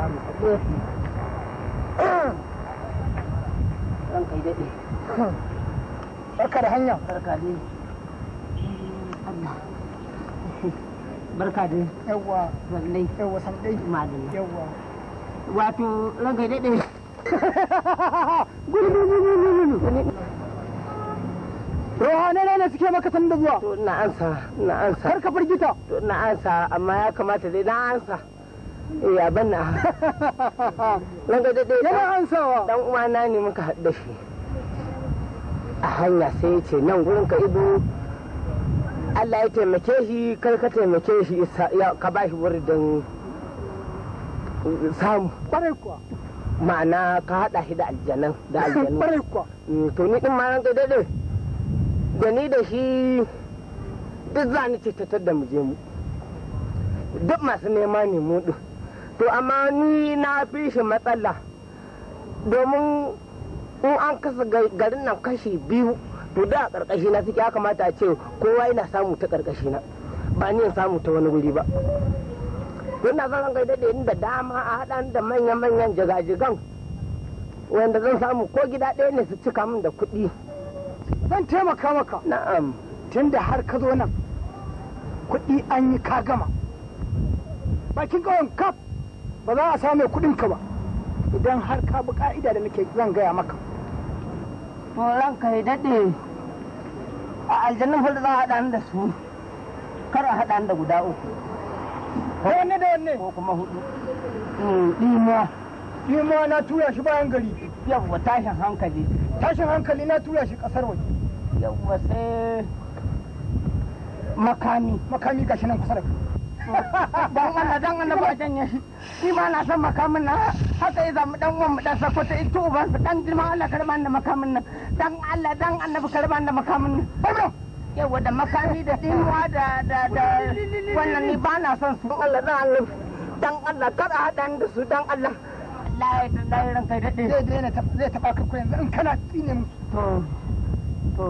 samu a gefe ran kai daɗe barka da hanya barka dai barka dai madalla wato ran kai daɗe ne suke maka sanda zuwa to ina ansa ansa kar ka firgita to ansa amma ya kamata dai na ansa ya banna nan ga daidai yana ansawa dan uwana ne muka haɗa shi a hanya sai ya ce nan gurin ka ido Allah ya taimake shi kai ka taimake shi ka ba shi wurin samu kwarai kuwa ma'ana ka haɗa shi da aljanan da aljanan kwarai kuwa mm, to ni din ma nan dai dai, da ni da shi duk za ni ce tattar da mu je mu duk masu nema ne mu din to amma ni na fi shi matsala domin in an kasa garin nan kashi biyu to da a na suke ya kamata a ce kowa yana samu ta karkashi na ba ni samu ta wani guri ba don na zan gaida da da dama a haɗan da manya-manyan jigajigan wanda zan samu ko gida ɗaya ne su cika min da kuɗi zan taimaka maka na'am tun da har ka zo nan kuɗi an yi ka gama bakin kawon kaf ba za a same kuɗin ka ba idan har ka bi ka'ida da nake zan gaya maka to ranka ya daɗe a aljannin fa za a haɗa da su kar a haɗa da guda uku wanne da wanne ko kuma hudu hmm, ɗima ɗima na tura shi bayan gari yawwa tashin hankali tashin hankali na tura shi ƙasar waje yawwa sai makami makami gashi nan kusa da kai dan Allah dan Allah ba janye shi ba na san makamin na, haka ya zamu dan uwan mu dan sako ta ito uban su dan girman Allah karban da makamin na, dan Allah dan annabi karban da makamin na yawa da makami da tsinuwa da da da wannan ni ba na san su Allah dan Allah dan Allah kar a hadan da su dan Allah Allah ya tsaya ran kai dade zai daina zai taba ka yanzu in kana tsine musu to to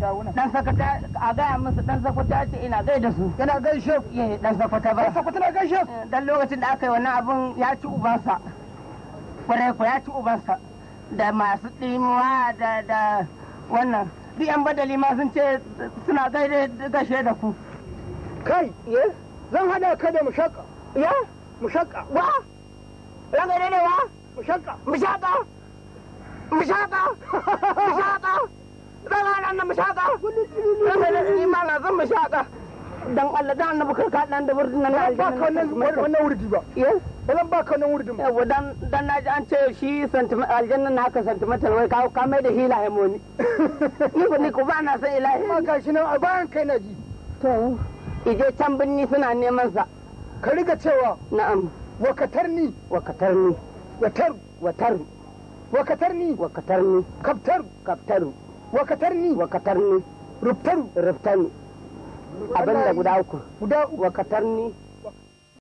dan sakwata a gaya musu dan sakwata ce ina gai da su yana gaishe ku eh, dan sakwata ba dan sakwata na gaishe eh, dan lokacin da aka yi wannan abun ya ci ubansa kwarai ko ya ci ubansa da masu ɗimuwa da da wannan duk yan badali ma sun ce suna gaida gaishe da ku kai ye eh, zan hada ka da mushakka ya mushakka wa ran gaida ne wa mushakka mushakka mushakka dan na mashaka ni na zan dan Allah dan annabi kar ka dan da nan ba ka wannan wannan wurdi ba eh dan eh? ba ka wannan wurdin yawa dan dan naji an ce shi sentimental aljanna na haka sentimental wai ka ka mai da hila hemoni ni ba ni ko ba na san ilahi ma ka shi nan a bayan kai na ji to ije can binni suna neman sa ka riga cewa na'am wakatarni wakatarni watar watar wakatar ni. kaptar kaptaru wakatarni wakatarni ruftan ruftan abinda guda uku guda wakatarni